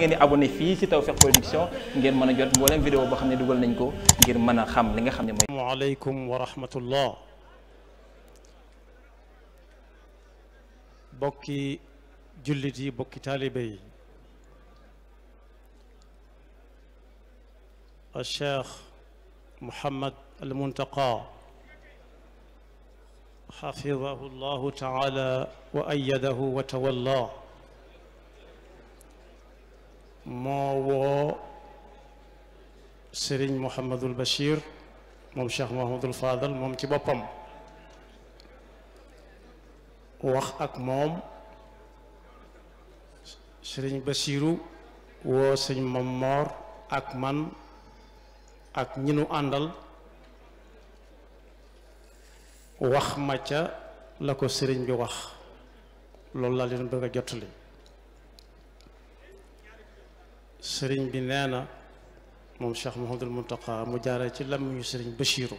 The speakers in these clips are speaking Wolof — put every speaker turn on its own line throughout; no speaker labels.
ngeen di abonné fii ci Tawfekh Production ngeen mën a jot mboolem vidéo boo xam ne dugal nañ ko ngir mën a xam li nga xam ne mooy. asalaamaaleykum wa rahmatullah bokki jullit yi bokki taalibe yi al Cheikh Mouhammad al Muntaqa xafidahu llahu taala wa ayadahu wa tawalla moo woo Serigne Mouhamadul Bachir moom Cheikh Mouhamadul Fadal moom ci boppam wax ak moom sëriñ Bachiru woo sëñ Mamor ak man ak ñi àndal wax ma ca la ko sëriñ bi wax loolu laa leen bëgg a li sëriñ bi nee na moom Cheikh Mouhamadul Mountakha mu jaaree ci làmmiñu sëriñ Bachiru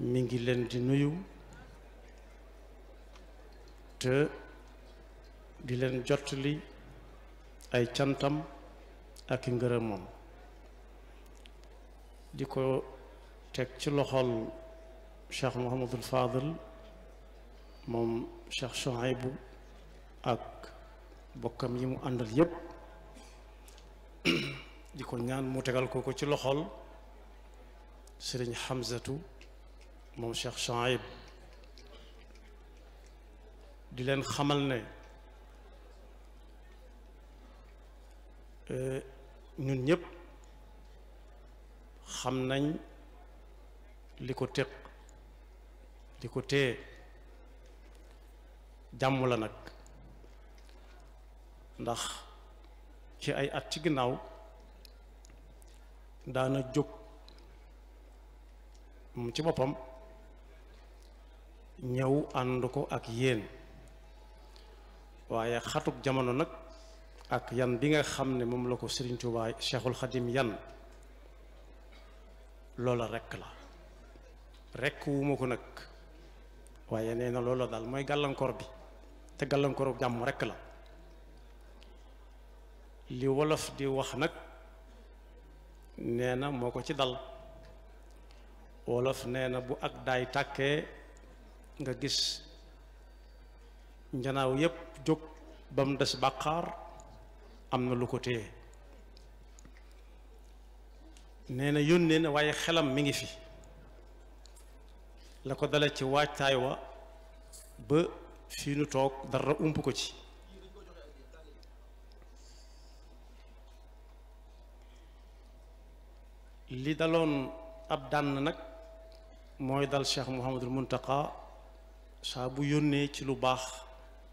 mu ngi leen di nuyu te di leen jottali ay cantam ak ngërëmam di ko teg ci loxol Cheikh Mouhamadul Fadil moom Cheikh Souhaïbou ak bokkam yi mu àndal yépp di ko ñaan mu tegal ko ko ci loxol sëriñ Hamzatu moom Cheikh Chaib di leen xamal ne eh, ñun ñëpp xam nañ li ko téq li ko téye jàmm la nag ndax ci ay at ci ginnaaw daana jóg mu ci boppam ñëw ànd ko ak yéen waaye xatuk jamono nag ak yan bi nga xam ne moom la ko Serigne Touba Cheikhul Khadim yan loola rekk la rekk wu ko nag waaye nee na loola daal mooy gàllankoor bi te gàllankooru jàmm rekk la li wolof di wax nag neena moo ko ci dal wolof nee na bu ak daay tàkkee nga gis njanaaw yépp jóg ba mu des bàqaar am na lu ko téye nee na yónnee na waaye xelam mi ngi fi la ko dale ci waajtaay wa ba fii nu toog dara ump ko ci li daloon ab dànn nag mooy dal cheikh Mouhamadul Muntaqa saa bu yónnee ci lu baax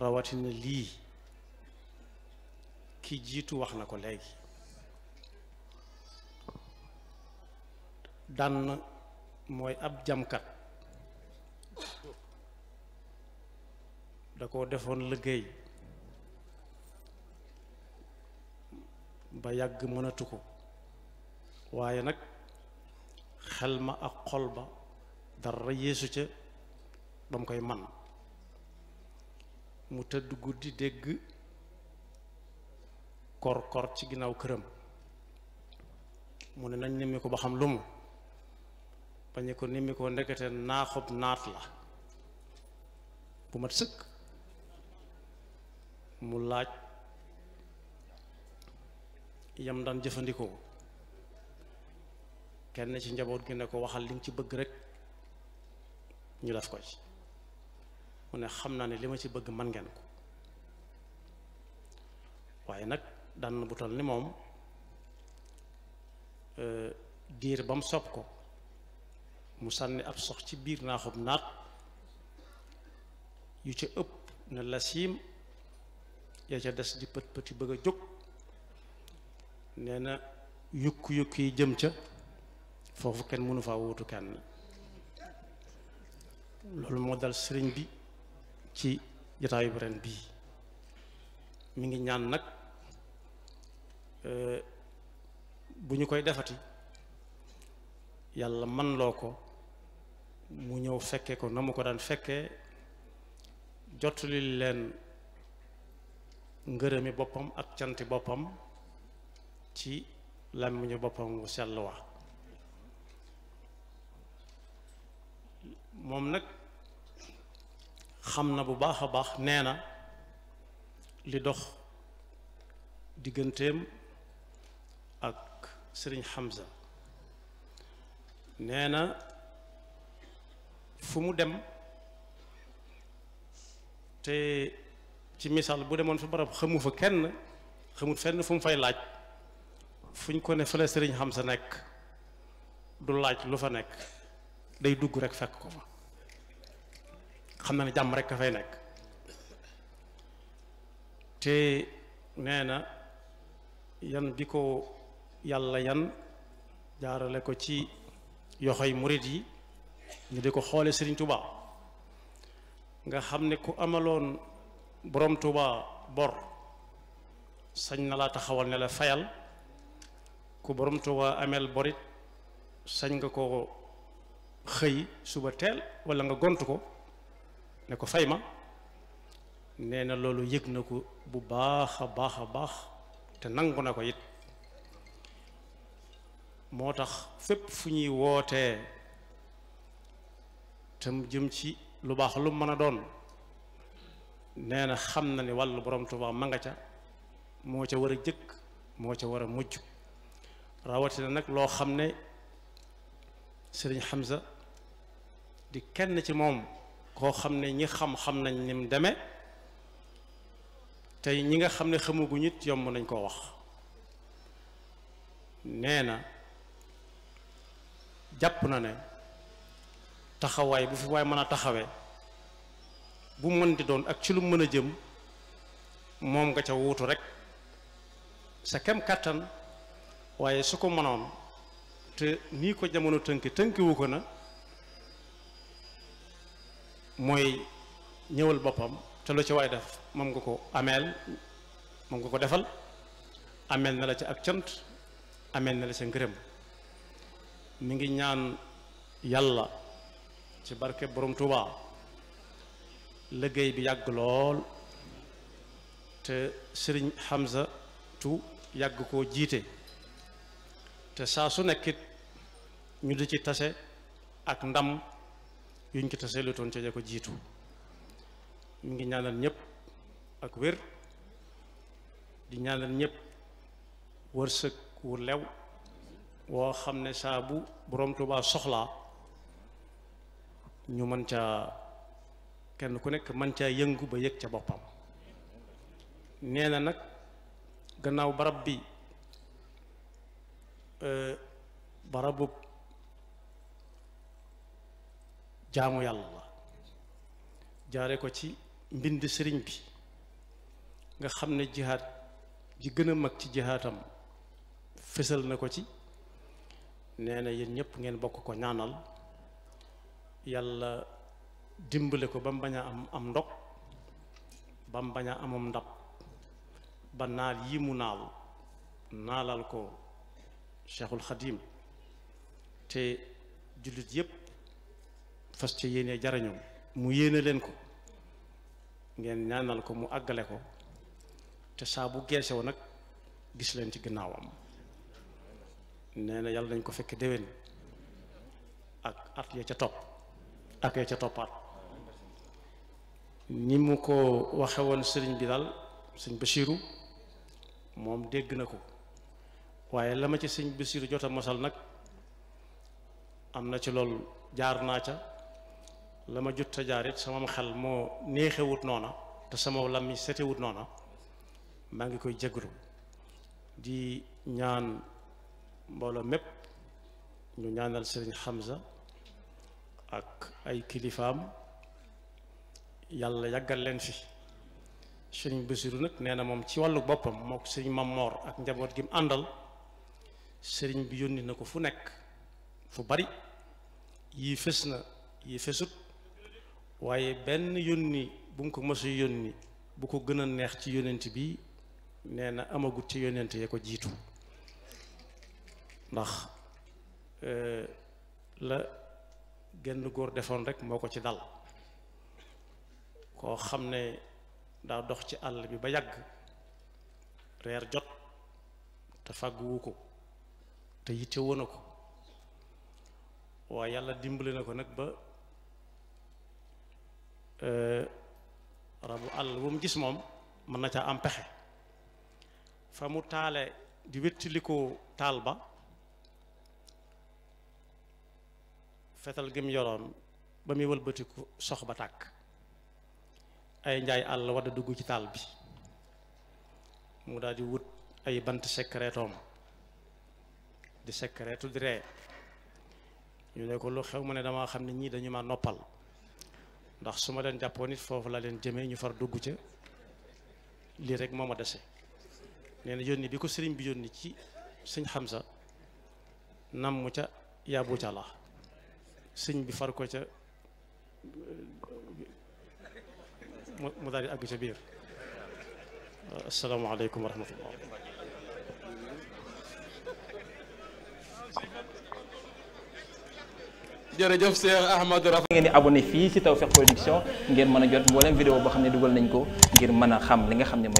rawatina lii ki jiitu wax na ko léegi dànn mooy ab jamkat da koo defoon liggéey ba yàgg mënatu ko waaye nag xel ma ak xol ba dara yéesu ca ba mu koy man mu tëdd guddi dégg kor kor ci ginnaaw këram mu ne nañ nimmi ko ba xam lu mu bañu ko nimmi ko ndekete naaxub naat la bu mat sëkk mu laaj yam daan jëfandikoo kenn ci njaboot gi ne ko waxal li nga ci bëgg rek ñu def ko ci mu ne xam naa ne li ma ci bëgg man ngeen ko waaye nag daan bu toll ni moom euh, diir ba mu sob ko mu sànni ab sox ci biir naaxub naat yu ca ëpp ne la siim yaa ca des di pët pëti bëgg a jóg nee na yukk yukk jëm ca foofu kenn mënu faa wuutu kenn loolu moo dal sëriñ bi ci jataayu bu ren bii mu ngi ñaan nag e, bu ñu koy defati yàlla man loo ko mu ñëw fekke ko na mu ko daan fekke jottali leen ngërëmi boppam ak canti boppam ci làmmiñu boppam wu sell wa moom nag xam na bu baax a baax nee na li dox digganteem ak sëriñ xam sa nee na fu mu dem te ci misaal bu demoon fi barab xamu fa kenn xamut fenn fu mu fay laaj fuñ ko ne fële sëriñ xam sa nekk du laaj lu fa nekk day dugg rek fekk ko fa xam na ne jàmm rek ka fay nekk te nee na yan bi ko yàlla yan jaarale ko ci yoxoy murit yi ñu di ko xoole Sëriñ tubaa nga xam ne ku ameloon borom Tuubaa bor sañ na laa taxawal ne la fayal ku borom tubaa ameel borit sañ nga ko xëy suba teel wala nga gont ko ne ko fay ma nee na loolu yëg na ko bu baax a baax a baax te nangu na ko it moo tax fépp fu ñuy wootee te mu jëm ci lu baax lu mën a doon nee na xam na ni wàllu borom Tuubaa ma nga ca moo ca war a jëkk moo ca war a mujj rawatina nag loo xam ne sëriñ Hamza di kenn ci moom koo xam ne ñi xam-xam nañ ni deme tey ñi nga xam ne xamaguñ it yomb nañ koo wax nee na jàpp na ne taxawaay bu fi waay mën a taxawe bu mën di doon ak ci lu mën a jëm moom nga ca wuutu rek sa kem kàttan waaye su ko mënoon te nii ko jamono tënk tënkiwu ko na mooy ñëwal boppam te lu ci waay def moom nga ko ameel moom nga ko defal ameel na la ca ak cant ameel na la ca ngërëm mi ngi ñaan yàlla ci barke borom Tuubaa liggéey bi yàgg lool te sëriñ Hamza tu yàgg koo jiite te saa su nekkit ñu di ci tase ak ndam yuñ ci tase lu ca ja ko jiitu mu ngi ñaanal ñëpp ak wér di ñaanal ñépp wërsëg wu lew woo xam ne saa bu borom Tuubaa soxlaa ñu mën caa kenn ku nekk mën caa yëngu ba yëg ca boppam nee nag gannaaw barab bi euh, barabu jaamu yàlla la jaare ko ci mbind sëriñ bi nga xam ne jihaat ji gën a mag ci jihaatam fësal na ko ci nee na yéen ñëpp ngeen bokk ko ñaanal yàlla dimbale ko ba mu bañ a am am ndog ba bañ a amum ndab ba naal yi mu naaw naalal ko Cheikhul Xadim te jullit yépp fas ci yéene jariñoo mu yéene leen ko ngeen ñaanal ko mu àggale ko te saa bu geesoo nag gis leen ci ginnaawam nee na yàlla nañ ko fekk déwén ak at ya ca topp ak ya ca toppaat ni mu ko waxe woon sëriñ bi daal sëñ Basiiru moom dégg na ko waaye la ci sëñ Basiiru jot a mosal nag am na ci lool jaar naa ca la ma jot a jaar it sama xel moo neexewut noona te sama lammi setewut noona maa ngi koy jéggalu di ñaan mbooloo mépp ñu ñaanal sëriñ Hamza ak ay kilifaam yàlla yàggal leen fi sëriñ Basiru nag nee na moom ci wàllu boppam moo ko sëriñ Mamor ak njaboot gi mu àndal sëriñ bi yónni na ko fu nekk fu bari yii fës na yii fësut waaye benn yónni bu mu ko mos a yónni bu ko gën a neex ci yónent bi nee na amagut ci yónnent yee ko jiitu ndax euh, la genn góor defoon rek moo ko ci dal koo xam ne daa dox ci àll bi ba yàgg reer jot te fàgguwu ko te yitte woon ko waaye yàlla dimbali na ko nag ba Euh, rabu àll bu mu gis moom mën na ca am pexe fa mu taale di wéttilikoo taal ba fetal gi mu yoroon ba muy wëlbatiku sox ba tàkk ay njaay àll wadda dugg ci taal bi mu daal di wut ay bant sekkeretoom di sekkeretu di ree ñu ne ko lu xew mu ne damaa xam ne ñii dañu ma noppal ndax su ma leen jàppoo it foofu laa leen jëmee ñu far dugg ca lii rek moo ma dese nee na yónni bi ko sëriñ bi yónni ci sëñ xamsa namm ca yaabu ca la sëñ bi far ko ca mu daal di àgg ca biir asalaamaaleykum wa rahmatullah jërëjëf Cheikh Ahmad Rafa ngeen di abonné fii ci Tawfekh Production ngeen mën a jot mboolem vidéo boo xam ne dugal nañ ko ngir mën a xam li nga xam ne mooy